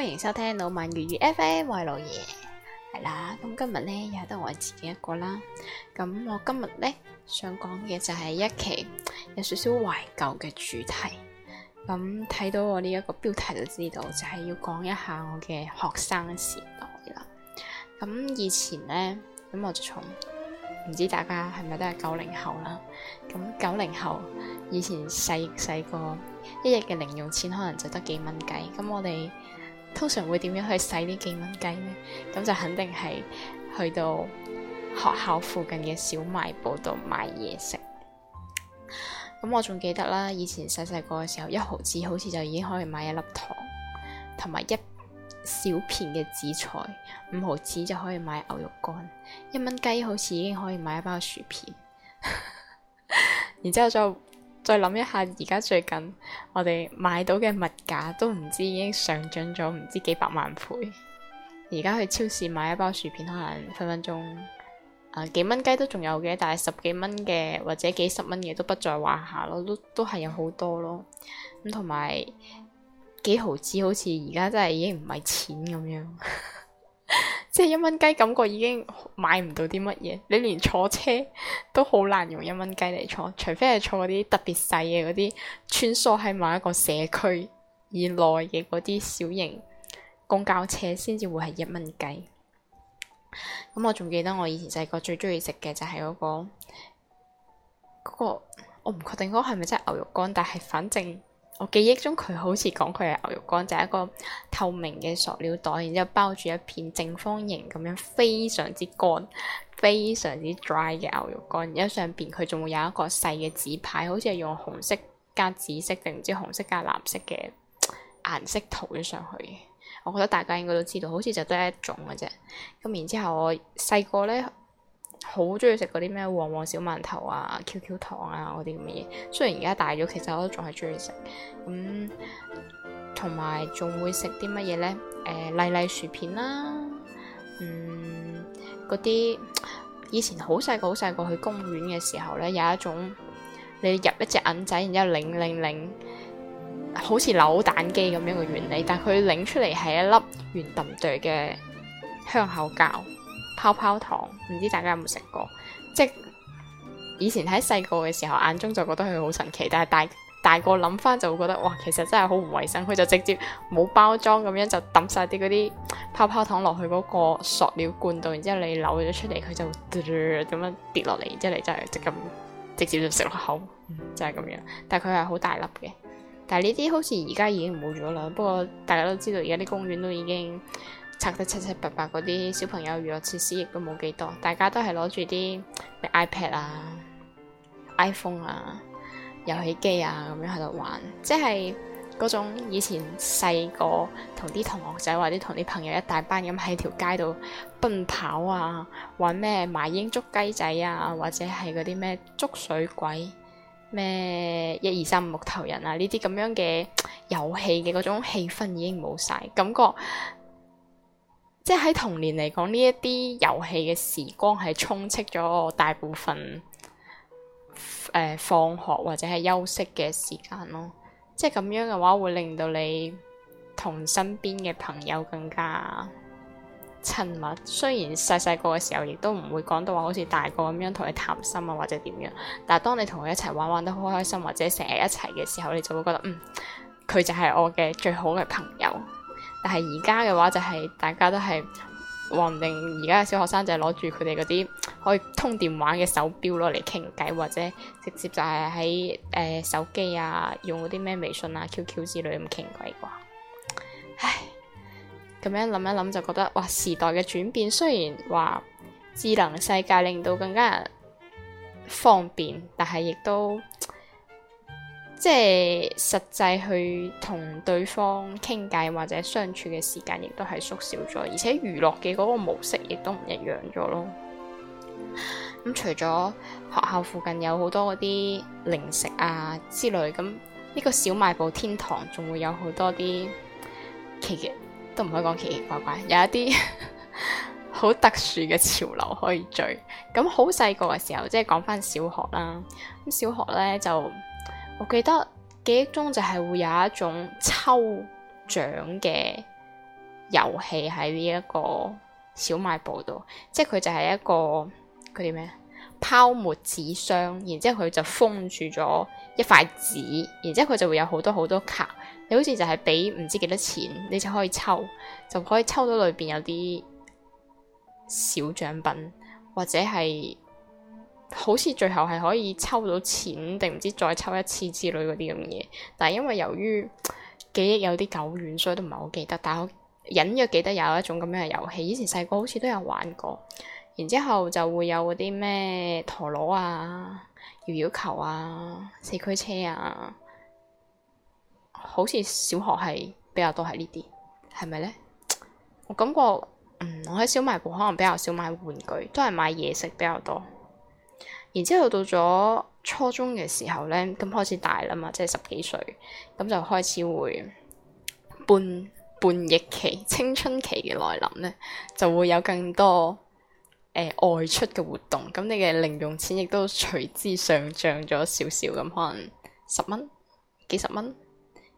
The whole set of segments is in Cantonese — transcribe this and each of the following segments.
歡迎收聽老萬粵語 FM，我係老爺係啦。咁今日咧，又係得我自己一個啦。咁我今日咧，想講嘅就係一期有少少懷舊嘅主題。咁睇到我呢一個標題就知道，就係要講一下我嘅學生時代啦。咁以前咧，咁我就從唔知大家係咪都係九零後啦。咁九零後以前細細個一日嘅零用錢可能就得幾蚊雞。咁我哋通常會點樣去洗呢幾蚊雞呢？咁就肯定係去到學校附近嘅小賣部度買嘢食。咁我仲記得啦，以前細細個嘅時候，一毫子好似就已經可以買一粒糖，同埋一小片嘅紫菜；五毫子就可以買牛肉乾；一蚊雞好似已經可以買一包薯片。 然之後就～再諗一下，而家最近我哋買到嘅物價都唔知已經上漲咗唔知幾百萬倍。而家去超市買一包薯片可能分分鐘，啊、呃、幾蚊雞都仲有嘅，但係十幾蚊嘅或者幾十蚊嘅都不在話下咯，都都係有好多咯。咁同埋幾毫紙好似而家真係已經唔係錢咁樣。 即係一蚊雞，感覺已經買唔到啲乜嘢。你連坐車都好難用一蚊雞嚟坐，除非係坐嗰啲特別細嘅嗰啲，穿梭喺某一個社區以內嘅嗰啲小型公交車，先至會係一蚊雞。咁我仲記得我以前細個最中意食嘅就係嗰個嗰個，我唔確定嗰個係咪真係牛肉乾，但係反正。我記憶中佢好似講佢係牛肉乾，就係、是、一個透明嘅塑料袋，然之後包住一片正方形咁樣，非常之乾、非常之 dry 嘅牛肉乾。然之後上邊佢仲會有一個細嘅紙牌，好似係用紅色加紫色定唔知紅色加藍色嘅顏色塗咗上去。我覺得大家應該都知道，好似就得一種嘅啫。咁然之後我細個咧，好中意食嗰啲咩旺旺小饅頭啊、QQ 糖啊嗰啲咁嘅嘢，雖然而家大咗，其實我都仲係中意食。咁同埋仲會食啲乜嘢咧？誒，麗麗薯片啦，嗯，嗰啲、呃啊嗯、以前好細個好細個去公園嘅時候咧，有一種你入一隻銀仔，然之後擰擰擰，好似扭蛋機咁樣嘅原理，但佢擰出嚟係一粒圓揼墩嘅香口膠。泡泡糖，唔知大家有冇食過？即係以前喺細個嘅時候眼中就覺得佢好神奇，但係大大個諗翻就會覺得哇，其實真係好唔衛生。佢就直接冇包裝咁樣就抌晒啲嗰啲泡泡糖落去嗰個塑料罐度，然之後你扭咗出嚟，佢就咁樣跌落嚟，然之後你就係即咁直接就食落口，就係咁樣。但係佢係好大粒嘅，但係呢啲好似而家已經冇咗啦。不過大家都知道而家啲公園都已經。拆得七七八八，嗰啲小朋友娛樂設施亦都冇幾多，大家都係攞住啲咩 iPad 啊、iPhone 啊、遊戲機啊咁樣喺度玩，即係嗰種以前細個同啲同學仔或者同啲朋友一大班咁喺條街度奔跑啊，玩咩麻鷹捉雞仔啊，或者係嗰啲咩捉水鬼、咩一二三木頭人啊呢啲咁樣嘅遊戲嘅嗰種氣氛已經冇晒，感覺。即係喺童年嚟講，呢一啲遊戲嘅時光係充斥咗我大部分誒、呃、放學或者係休息嘅時間咯。即係咁樣嘅話，會令到你同身邊嘅朋友更加親密。雖然細細個嘅時候，亦都唔會講到話好似大個咁樣同你談心啊，或者點樣。但係當你同佢一齊玩玩得好開心，或者成日一齊嘅時候，你就會覺得嗯，佢就係我嘅最好嘅朋友。但係而家嘅話就係大家都係話唔定而家嘅小學生就係攞住佢哋嗰啲可以通電話嘅手錶攞嚟傾偈，或者直接就係喺誒、手機啊，用嗰啲咩微信啊、QQ 之類咁傾偈啩。唉，咁樣諗一諗就覺得，哇！時代嘅轉變雖然話智能世界令到更加方便，但係亦都。即係實際去同對方傾偈或者相處嘅時間，亦都係縮小咗。而且娛樂嘅嗰個模式亦都唔一樣咗咯。咁除咗學校附近有好多嗰啲零食啊之類，咁呢個小賣部天堂仲會有好多啲奇奇，都唔可以講奇奇怪怪，有一啲好 特殊嘅潮流可以追。咁好細個嘅時候，即係講翻小學啦。咁小學咧就。我記得記憶中就係會有一種抽獎嘅遊戲喺呢一個小賣部度，即係佢就係一個嗰啲咩泡沫紙箱，然之後佢就封住咗一塊紙，然之後佢就會有好多好多卡，你好似就係俾唔知幾多錢，你就可以抽，就可以抽到裏邊有啲小獎品或者係。好似最後係可以抽到錢，定唔知再抽一次之類嗰啲咁嘢。但係因為由於記憶有啲久遠，所以都唔係好記得。但係我隱約記得有一種咁樣嘅遊戲，以前細個好似都有玩過。然之後就會有嗰啲咩陀螺啊、搖搖球啊、四驅車啊，好似小學係比較多係呢啲，係咪咧？我感覺嗯，我喺小賣部可能比較少買玩具，都係買嘢食比較多。然之後到咗初中嘅時候咧，咁開始大啦嘛，即係十幾歲，咁就開始會叛叛逆期、青春期嘅來臨咧，就會有更多誒、呃、外出嘅活動。咁你嘅零用錢亦都隨之上漲咗少少，咁可能十蚊、幾十蚊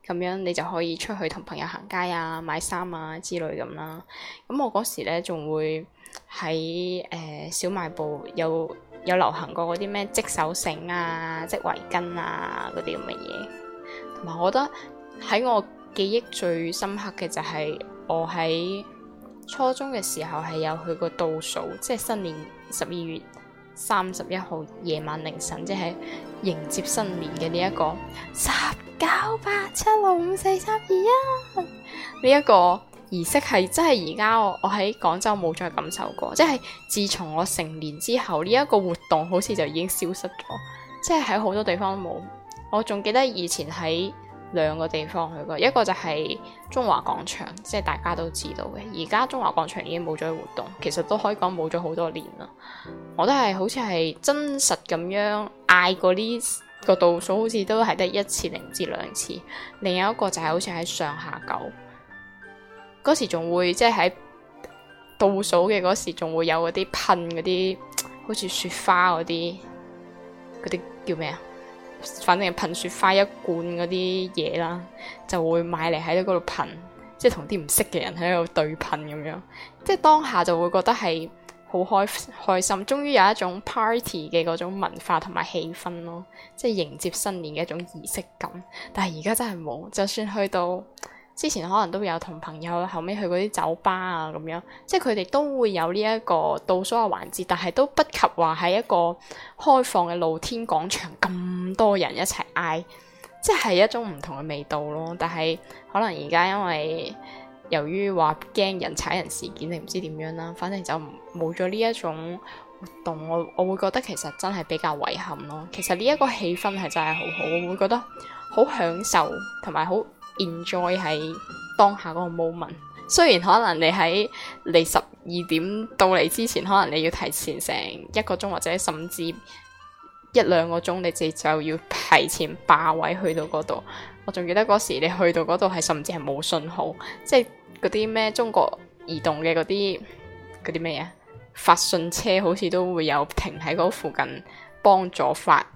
咁樣，你就可以出去同朋友行街啊、買衫啊之類咁啦。咁我嗰時咧仲會喺誒、呃、小賣部有。有流行過嗰啲咩織手繩啊、織圍巾啊嗰啲咁嘅嘢，同埋我覺得喺我記憶最深刻嘅就係我喺初中嘅時候係有去過倒數，即係新年十二月三十一號夜晚凌晨，即係迎接新年嘅呢一個十九八七六五四三二一呢一個。儀式係真係而家我我喺廣州冇再感受過，即係自從我成年之後，呢、這、一個活動好似就已經消失咗，即係喺好多地方都冇。我仲記得以前喺兩個地方去過，一個就係中華廣場，即係大家都知道嘅。而家中華廣場已經冇咗活動，其實都可以講冇咗好多年啦。我都係好似係真實咁樣嗌過呢個倒數，好似都係得一次，甚至兩次。另一個就係好似喺上下九。嗰時仲會即係喺倒數嘅嗰時，仲會有嗰啲噴嗰啲好似雪花嗰啲，嗰啲叫咩啊？反正係噴雪花一罐嗰啲嘢啦，就會買嚟喺度嗰度噴，即係同啲唔識嘅人喺度對噴咁樣，即係當下就會覺得係好開開心，終於有一種 party 嘅嗰種文化同埋氣氛咯，即係迎接新年嘅一種儀式感。但係而家真係冇，就算去到。之前可能都有同朋友後尾去嗰啲酒吧啊咁樣，即係佢哋都會有呢一個倒數嘅環節，但係都不及話喺一個開放嘅露天廣場咁多人一齊嗌，即係一種唔同嘅味道咯。但係可能而家因為由於話驚人踩人事件你唔知點樣啦，反正就冇咗呢一種活動，我我會覺得其實真係比較遺憾咯。其實呢一個氣氛係真係好好，我會覺得好享受同埋好。Enjoy 喺當下嗰個 moment，雖然可能你喺你十二點到嚟之前，可能你要提前成一個鐘或者甚至一兩個鐘，你就就要提前霸位去到嗰度。我仲記得嗰時你去到嗰度係甚至係冇信號，即係嗰啲咩中國移動嘅嗰啲嗰啲咩啊發信車，好似都會有停喺嗰附近幫助發。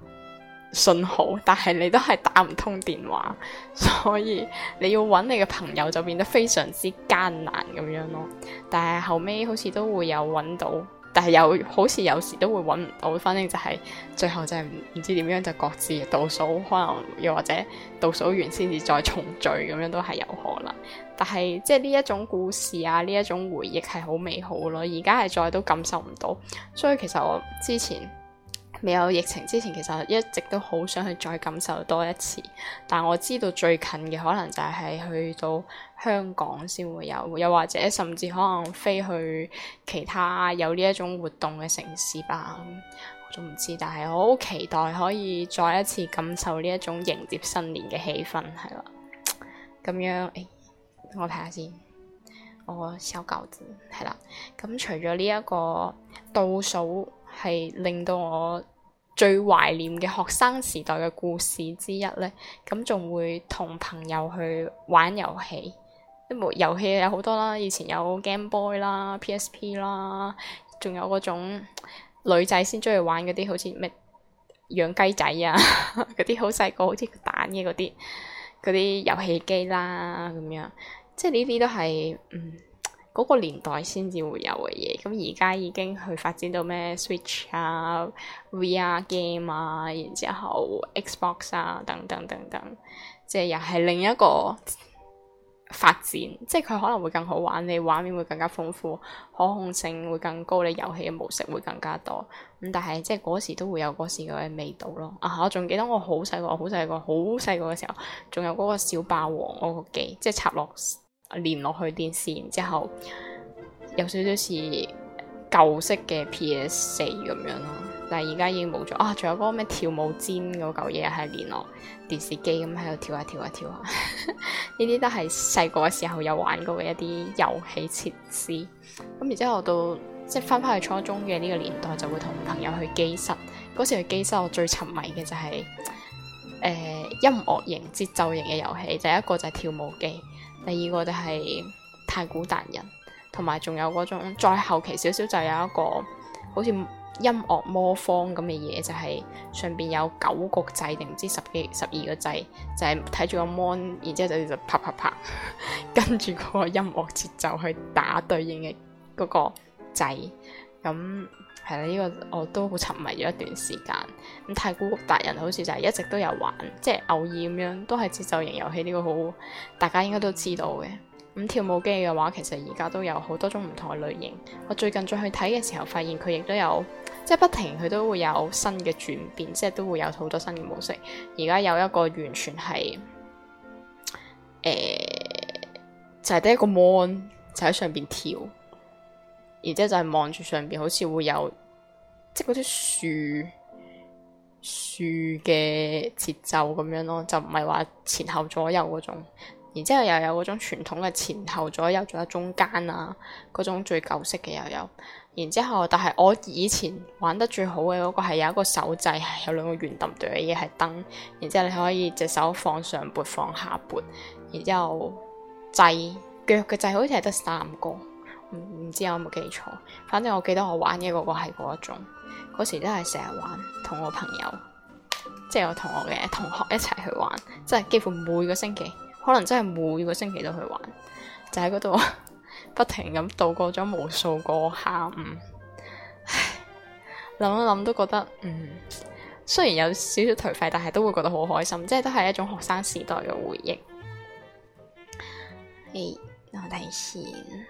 信號，但係你都係打唔通電話，所以你要揾你嘅朋友就變得非常之艱難咁樣咯。但係後尾好似都會有揾到，但係有好似有時都會揾唔到，反正就係最後就係唔知點樣就各自倒數，可能又或者倒數完先至再重聚咁樣都係有可能。但係即係呢一種故事啊，呢一種回憶係好美好咯。而家係再都感受唔到，所以其實我之前。未有疫情之前，其實一直都好想去再感受多一次，但我知道最近嘅可能就係去到香港先會有，又或者甚至可能飛去其他有呢一種活動嘅城市吧，我都唔知。但係好期待可以再一次感受呢一種迎接新年嘅氣氛，係啦。咁樣，哎，我睇下先，我小狗子係啦。咁除咗呢一個倒數。係令到我最懷念嘅學生時代嘅故事之一咧，咁仲會同朋友去玩遊戲，因為遊戲有好多啦，以前有 Game Boy 啦、PSP 啦，仲有嗰種女仔先中意玩嗰啲好似咩養雞仔啊嗰啲， 好細個好似蛋嘅嗰啲啲遊戲機啦咁樣，即係呢啲都係嗯。嗰個年代先至會有嘅嘢，咁而家已經去發展到咩 Switch 啊、VR game 啊，然之後 Xbox 啊等等等等，即係又係另一個發展，即係佢可能會更好玩，你畫面會更加豐富，可控性會更高，你遊戲嘅模式會更加多。咁但係即係嗰時都會有嗰時嘅味道咯。啊，我仲記得我好細個、好細個、好細個嘅時候，仲有嗰個小霸王嗰個機，即係插落。連落去電視，然之後有少少似舊式嘅 PS 四咁樣咯，但係而家已經冇咗。啊，仲有嗰個咩跳舞氈嗰嚿嘢喺度連落電視機，咁喺度跳下跳下跳下，呢 啲都係細個嘅時候有玩過嘅一啲遊戲設施。咁、嗯、然之後到即係翻翻去初中嘅呢個年代，就會同朋友去機室。嗰時去機室，我最沉迷嘅就係、是、誒、呃、音樂型節奏型嘅遊戲，就是、一個就係跳舞機。第二個就係太古達人，同埋仲有嗰種再後期少少就有一個好似音樂魔方咁嘅嘢，就係、是、上邊有九個掣定唔知十幾十二個掣，就係睇住個 mon，然之後就啪啪啪，跟住嗰個音樂節奏去打對應嘅嗰個掣，咁。係啦，呢個我都好沉迷咗一段時間。咁太鼓達人好似就係一直都有玩，即係偶爾咁樣，都係節奏型遊戲呢個好，大家應該都知道嘅。咁跳舞機嘅話，其實而家都有好多種唔同嘅類型。我最近再去睇嘅時候，發現佢亦都有，即係不停佢都會有新嘅轉變，即係都會有好多新嘅模式。而家有一個完全係，誒、呃，就係得一個 mon 就喺上邊跳。然之後就係望住上邊，好似會有即係嗰啲樹樹嘅節奏咁樣咯，就唔係話前後左右嗰種。然之後又有嗰種傳統嘅前後左右，仲有中間啊嗰種最舊式嘅又有。然之後，但係我以前玩得最好嘅嗰個係有一個手掣，係有兩個圓揼揼嘅嘢係燈。然之後你可以隻手放上撥，放下撥。然之後掣腳嘅掣好似係得三個。唔知有冇記錯，反正我記得我玩嘅嗰個係嗰一種，嗰時都係成日玩，同我朋友，即係我同我嘅同學一齊去玩，即係幾乎每個星期，可能真係每個星期都去玩，就喺嗰度不停咁度過咗無數個下午。諗一諗都覺得，嗯，雖然有少少頹廢，但係都會覺得好開心，即係都係一種學生時代嘅回憶。係，我睇先。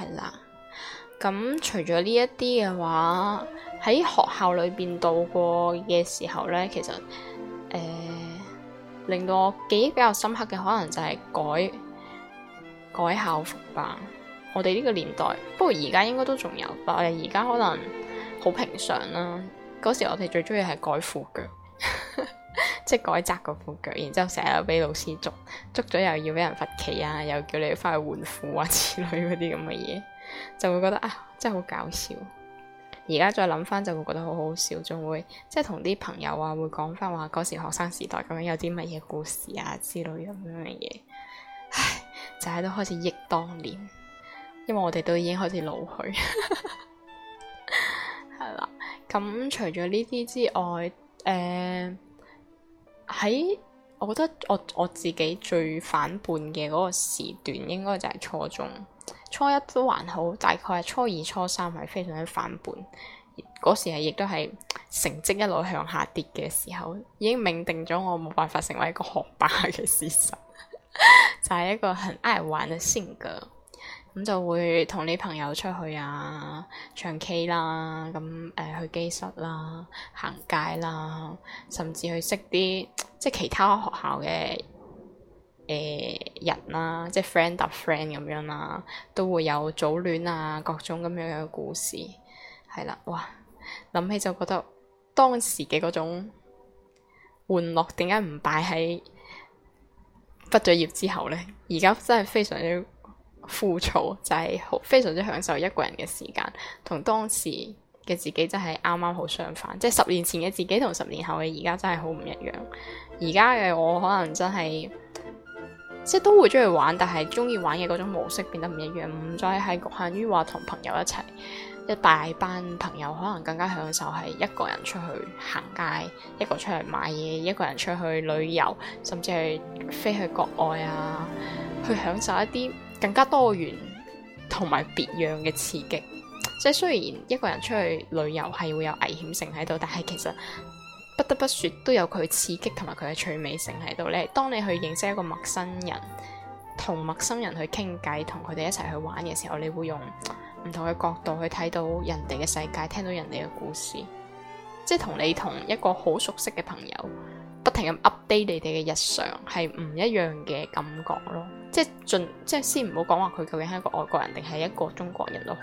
係啦，咁除咗呢一啲嘅話，喺學校裏邊度過嘅時候咧，其實誒、呃、令到我記憶比較深刻嘅，可能就係改改校服吧。我哋呢個年代，不過而家應該都仲有吧。我哋而家可能好平常啦。嗰時我哋最中意係改褲腳。 即係改紮嗰個褲腳，然之後成日俾老師捉捉咗，又要俾人罰企啊，又叫你翻去換褲啊，之類嗰啲咁嘅嘢，就會覺得啊，真係好搞笑。而家再諗翻，就會覺得好好笑，仲會即係同啲朋友啊，會講翻話嗰時學生時代咁樣有啲乜嘢故事啊之類咁樣嘅嘢，唉，就喺度開始憶當年，因為我哋都已經開始老去，係 啦。咁除咗呢啲之外，誒、呃。喺，我覺得我，我自己最反叛嘅嗰個時段，應該就係初中。初一都還好，大概係初二、初三係非常之反叛。嗰時係亦都係成績一路向下跌嘅時候，已經命定咗我冇辦法成為一個學霸嘅事實 就係一個很愛玩嘅性格。咁就會同你朋友出去啊，唱 K 啦，咁誒、呃、去機室啦，行街啦，甚至去識啲即係其他學校嘅誒、呃、人啦、啊，即係 friend 搭 friend 咁樣啦、啊，都會有早戀啊各種咁樣嘅故事，係啦，哇！諗起就覺得當時嘅嗰種玩樂，點解唔擺喺畢咗業之後咧？而家真係非常之～枯燥就係好非常之享受一個人嘅時間，同當時嘅自己真係啱啱好相反，即係十年前嘅自己同十年後嘅而家真係好唔一樣。而家嘅我可能真係，即係都會中意玩，但係中意玩嘅嗰種模式變得唔一樣，唔再係局限於話同朋友一齊，一大班朋友可能更加享受係一個人出去行街，一個出去買嘢，一個人出去旅遊，甚至係飛去國外啊，去享受一啲。更加多元同埋別樣嘅刺激，即係雖然一個人出去旅遊係會有危險性喺度，但係其實不得不説都有佢嘅刺激同埋佢嘅趣味性喺度咧。當你去認識一個陌生人，同陌生人去傾偈，同佢哋一齊去玩嘅時候，你會用唔同嘅角度去睇到人哋嘅世界，聽到人哋嘅故事，即係同你同一個好熟悉嘅朋友，不停咁 update 你哋嘅日常，係唔一樣嘅感覺咯。即係盡即係先唔好講話佢究竟係一個外國人定係一個中國人都好，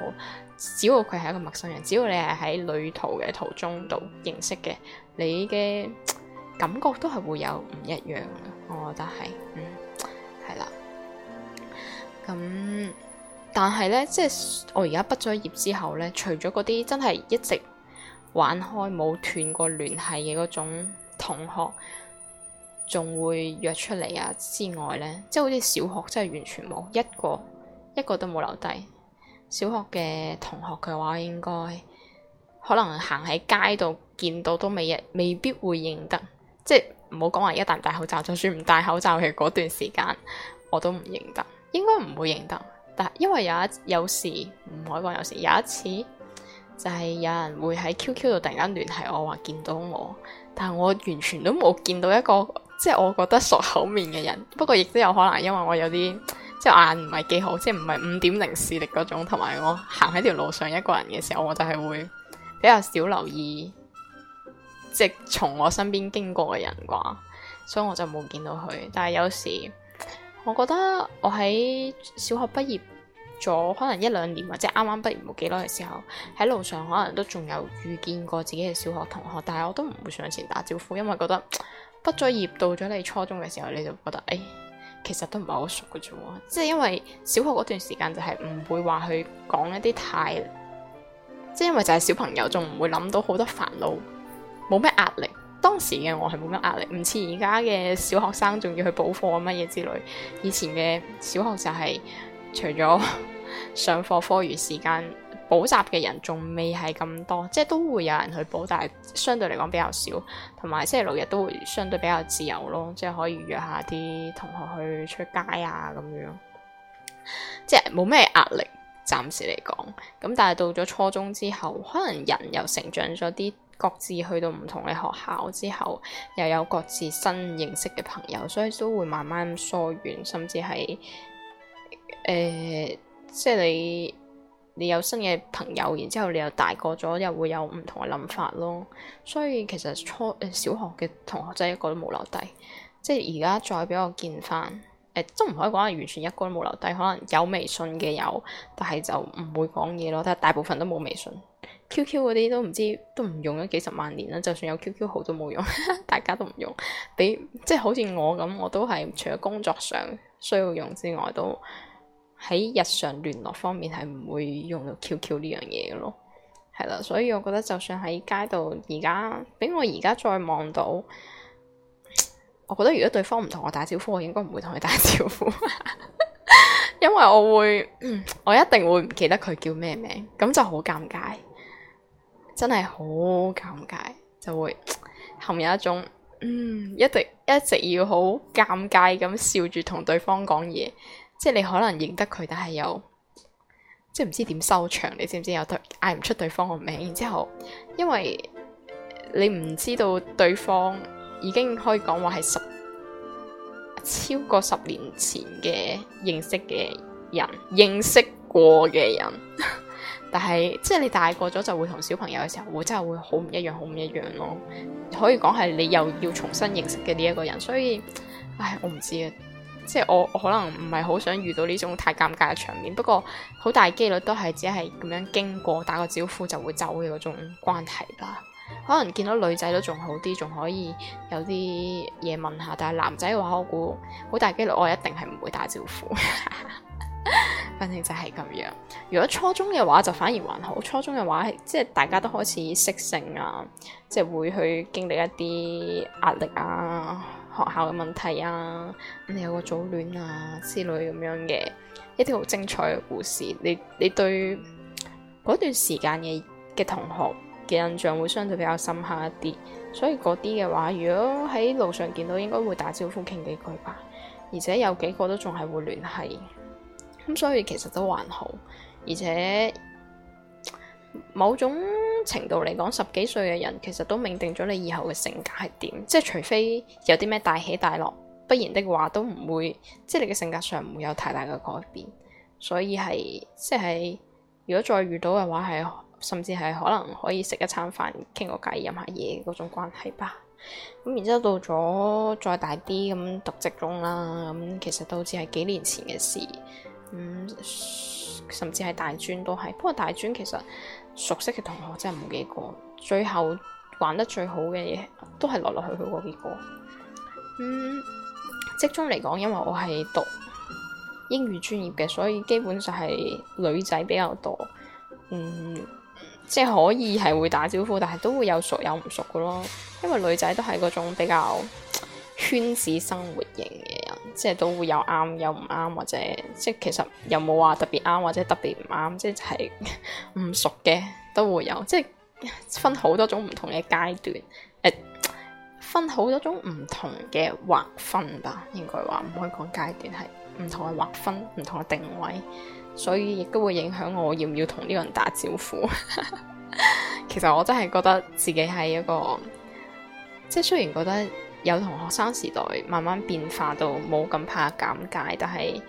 只要佢係一個陌生人，只要你係喺旅途嘅途中度認識嘅，你嘅感覺都係會有唔一樣嘅。我覺得係，嗯，係啦。咁但係呢，即係我而家畢咗業之後呢，除咗嗰啲真係一直玩開冇斷過聯繫嘅嗰種，同學仲會約出嚟啊之外咧，即係好似小學真係完全冇一個一個都冇留低。小學嘅同學嘅話應該，應該可能行喺街度見到都未，未必會認得。即係唔好講話，一旦戴，戴口罩，就算唔戴口罩嘅嗰段時間，我都唔認得，應該唔會認得。但係因為有一有時唔可以講，有時，有，時有一次就係、是、有人會喺 QQ 度突然間聯繫我，話見到我。但係我完全都冇見到一個即係我覺得熟口面嘅人。不過亦都有可能，因為我有啲即係眼唔係幾好，即係唔係五點零視力嗰種，同埋我行喺條路上一個人嘅時候，我就係會比較少留意，即係從我身邊經過嘅人啩，所以我就冇見到佢。但係有時，我覺得我喺小學畢業咗可能一兩年或者啱啱畢業冇幾耐嘅時候，喺路上可能都仲有遇見過自己嘅小學同學，但係我都唔會上前打招呼，因為覺得畢咗業到咗你初中嘅時候，你就覺得誒、哎，其實都唔係好熟嘅啫。即係因為小學嗰段時間就係唔會話去講一啲太，即係因為就係小朋友仲唔會諗到好多煩惱，冇咩壓力。當時嘅我係冇咩壓力，唔似而家嘅小學生仲要去補課乜嘢之類。以前嘅小學就係、是。除咗 上課，課餘時間補習嘅人仲未係咁多，即係都會有人去補，但係相對嚟講比較少。同埋星期六日都會相對比較自由咯，即係可以約下啲同學去出街啊咁樣，即係冇咩壓力，暫時嚟講。咁但係到咗初中之後，可能人又成長咗啲，各自去到唔同嘅學校之後，又有各自新認識嘅朋友，所以都會慢慢疏遠，甚至係。誒、呃，即係你你有新嘅朋友，然之後你又大個咗，又會有唔同嘅諗法咯。所以其實初誒、呃、小學嘅同學真係一個都冇留低，即係而家再俾我見翻誒，都、呃、唔可以講係完全一個都冇留低，可能有微信嘅有，但係就唔會講嘢咯。但係大部分都冇微信，Q Q 嗰啲都唔知都唔用咗幾十萬年啦。就算有 Q Q 號都冇用， 大家都唔用。比即係好似我咁，我都係除咗工作上需要用之外，都。喺日常聯絡方面係唔會用到 QQ 呢樣嘢嘅咯，係啦，所以我覺得就算喺街度，而家畀我而家再望到，我覺得如果對方唔同我打招呼，我應該唔會同佢打招呼， 因為我會，我一定會唔記得佢叫咩名，咁就好尷尬，真係好尷尬，就會陷入一種，嗯，一直一直要好尷尬咁笑住同對方講嘢。即係你可能認得佢，但係又即係唔知點收場，你知唔知有對嗌唔出對方個名？然之後，因為你唔知道對方已經可以講話係十超過十年前嘅認識嘅人，認識過嘅人， 但係即係你大個咗就會同小朋友嘅時候，哦、真會真係會好唔一樣，好唔一樣咯、哦。可以講係你又要重新認識嘅呢一個人，所以，唉，我唔知啊。即係我，我可能唔係好想遇到呢種太尷尬嘅場面。不過好大幾率都係只係咁樣經過，打個招呼就會走嘅嗰種關係啦。可能見到女仔都仲好啲，仲可以有啲嘢問下。但係男仔嘅話，我估好大幾率，我一定係唔會打招呼。 反正就係咁樣。如果初中嘅話，就反而還好。初中嘅話即係大家都開始識性啊，即係會去經歷一啲壓力啊。學校嘅問題啊，你有個早戀啊之類咁樣嘅一啲好精彩嘅故事，你你對嗰段時間嘅嘅同學嘅印象會相對比較深刻一啲，所以嗰啲嘅話，如果喺路上見到，應該會打招呼傾幾句吧，而且有幾個都仲係會聯繫，咁所以其實都還好，而且。某種程度嚟講，十幾歲嘅人其實都命定咗你以後嘅性格係點，即係除非有啲咩大起大落，不然的話都唔會，即係你嘅性格上唔會有太大嘅改變。所以係，即係如果再遇到嘅話，係甚至係可能可以食一餐飯，傾個偈，飲下嘢嗰種關係吧。咁然之後到咗再大啲咁讀職中啦，咁其實都只係幾年前嘅事。咁、嗯。甚至係大專都係，不過大專其實熟悉嘅同學真係冇幾個，最後玩得最好嘅嘢都係嚟嚟去去嗰幾個。嗯，職中嚟講，因為我係讀英語專業嘅，所以基本就係女仔比較多。嗯，即係可以係會打招呼，但係都會有熟有唔熟嘅咯。因為女仔都係嗰種比較圈子生活型嘅。即係都會有啱有唔啱，或者即係其實又冇話特別啱或者特別唔啱，即係唔熟嘅都會有，即係分好多種唔同嘅階段，誒、欸，分好多種唔同嘅劃分吧，應該話唔可以講階段，係唔同嘅劃分，唔同嘅定位，所以亦都會影響我要唔要同呢個人打招呼。 其實我真係覺得自己係一個，即係雖然覺得。有同學生時代慢慢變化到冇咁怕尷尬，但係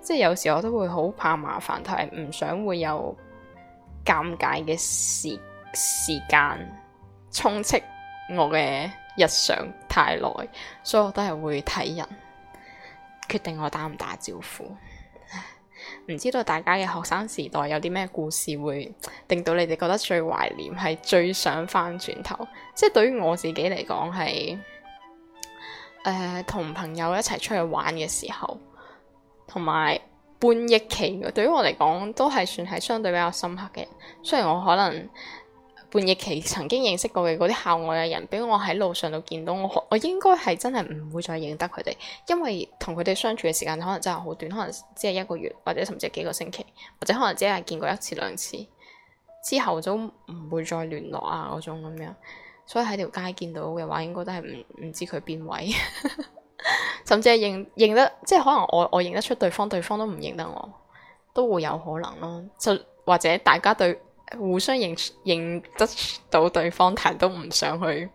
即係有時我都會好怕麻煩，但係唔想會有尷尬嘅時時間充斥我嘅日常太耐，所以我都係會睇人決定我打唔打招呼。唔 知道大家嘅學生時代有啲咩故事會令到你哋覺得最懷念，係最想翻轉頭。即係對於我自己嚟講係。誒、同、呃、朋友一齊出去玩嘅時候，同埋半翼期，對於我嚟講都係算係相對比較深刻嘅。雖然我可能半翼期曾經認識過嘅嗰啲校外嘅人，俾我喺路上度見到我，我應該係真係唔會再認得佢哋，因為同佢哋相處嘅時間可能真係好短，可能只係一個月，或者甚至係幾個星期，或者可能只係見過一次兩次之後，就唔會再聯絡啊嗰種咁樣。所以喺條街見到嘅話，應該都係唔唔知佢邊位， 甚至係認認得，即係可能我我認得出對方，對方都唔認得我，都會有可能咯。就或者大家對互相認認得到對方，但都唔想去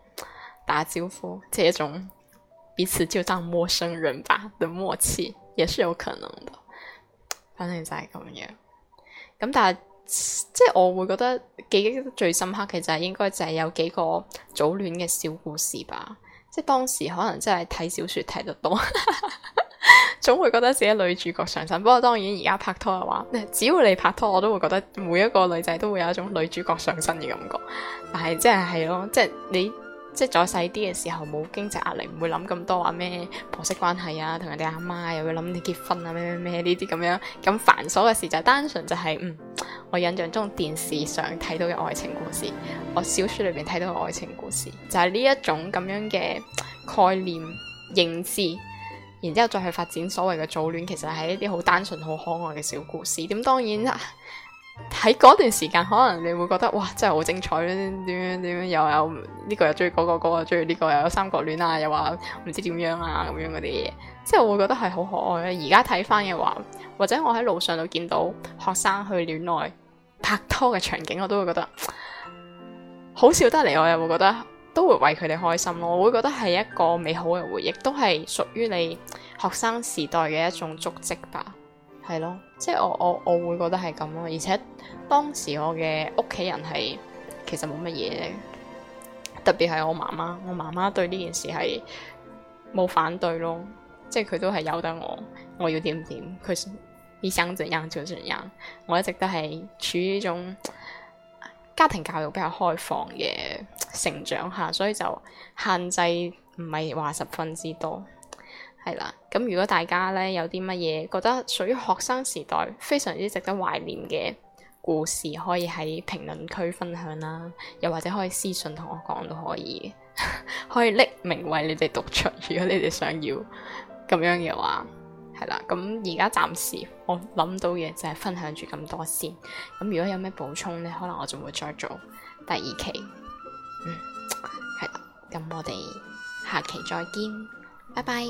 打招呼，這種彼此就當陌生人吧的默契，也是有可能的。反正就係咁樣。咁但係。即係我會覺得記憶最深刻嘅就係應該就係有幾個早戀嘅小故事吧，即係當時可能真係睇小說睇得多， 總會覺得自己女主角上身。不過當然而家拍拖嘅話，只要你拍拖，我都會覺得每一個女仔都會有一種女主角上身嘅感覺。但係即係係咯，即係你。即係再細啲嘅時候，冇經濟壓力，唔會諗咁多話咩婆媳關係啊，同人哋阿媽又要諗你結婚啊咩咩咩呢啲咁樣，咁繁瑣嘅事就單純就係、是，嗯，我印象中電視上睇到嘅愛情故事，我小說裏面睇到嘅愛情故事，就係、是、呢一種咁樣嘅概念認知，然之後再去發展所謂嘅早戀，其實係一啲好單純、好可愛嘅小故事。咁當然。 喺嗰段時間，可能你會覺得哇，真係好精彩咧！點樣點樣，又有呢個又追嗰個，嗰個追呢個，又有三角戀啊，又話唔知點樣啊，咁樣嗰啲嘢，即係我會覺得係好可愛咧。而家睇翻嘅話，或者我喺路上就見到學生去戀愛拍拖嘅場景，我都會覺得 好笑得嚟。我又會覺得都會為佢哋開心咯。我會覺得係一個美好嘅回憶，都係屬於你學生時代嘅一種足跡吧。係咯，即係我我我會覺得係咁咯，而且當時我嘅屋企人係其實冇乜嘢，特別係我媽媽，我媽媽對呢件事係冇反對咯，即係佢都係由得我，我要點點，佢生就生，做就做，我一直都係處於一種家庭教育比較開放嘅成長下，所以就限制唔係話十分之多。係啦，咁如果大家咧有啲乜嘢覺得屬於學生時代非常之值得懷念嘅故事，可以喺評論區分享啦，又或者可以私信同我講都可以， 可以匿名為你哋讀出，如果你哋想要咁樣嘅話，係啦，咁而家暫時我諗到嘅就係分享住咁多先，咁如果有咩補充呢？可能我就會再做第二期，嗯，係啦，咁我哋下期再見。拜拜。